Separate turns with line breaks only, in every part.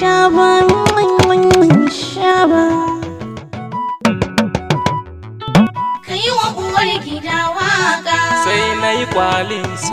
Shaba, shaba, ka yi wa uwar gida waka
sai na yi kwalinsa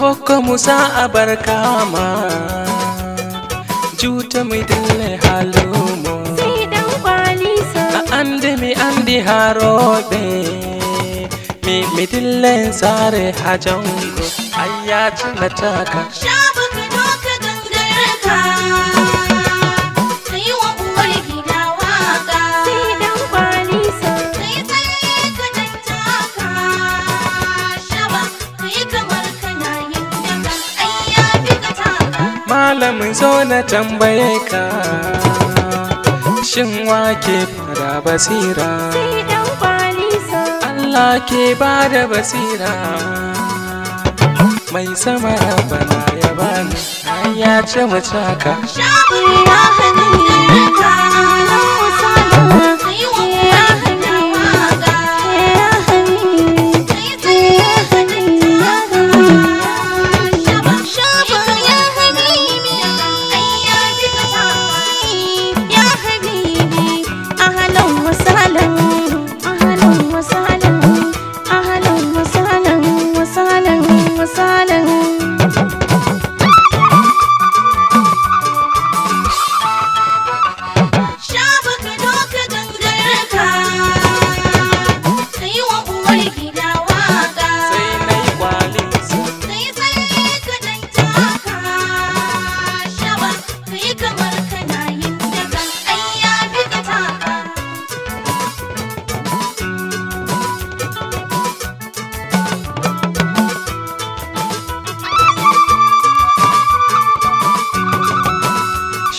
ko musa a bar kama juta mai dille halumo sai dan kwali sa ande mi andi harobe mi mi dille sare hajongo ayya cin taka malamin zo na tambaye ka shin wake fara basira Allah ke bada basira mai sama bana ya bani ya ce mu caka ya hannu
misalin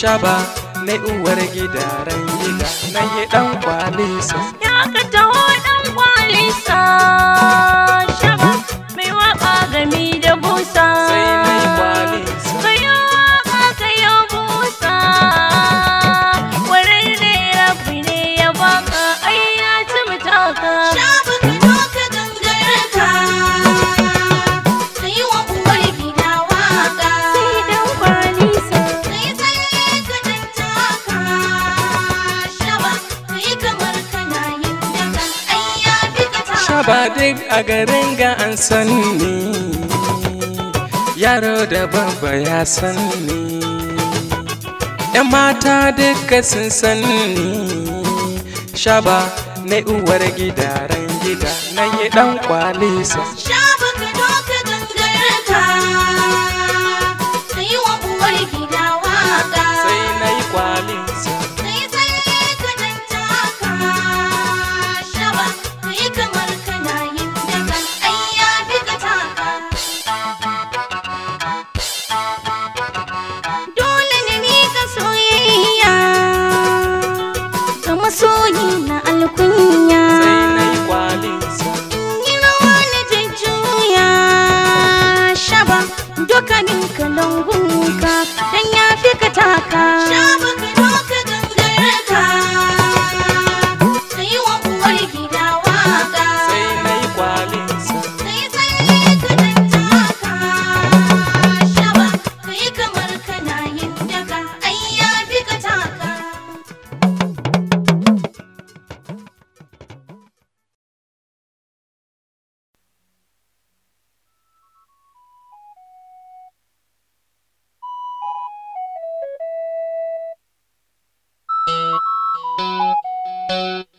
shaba na uwar gida ran gida na yi dan kwalisa
ya ka dawo dan kwalisa
ba duk a garin ga an san ni yaro da baba ya san ni yan mata duka sun san ni shaba na uwar gidaren gida na yi dan kwalisa shaba
dukkanin kalangunka dan ya fi ka taka. Thank you.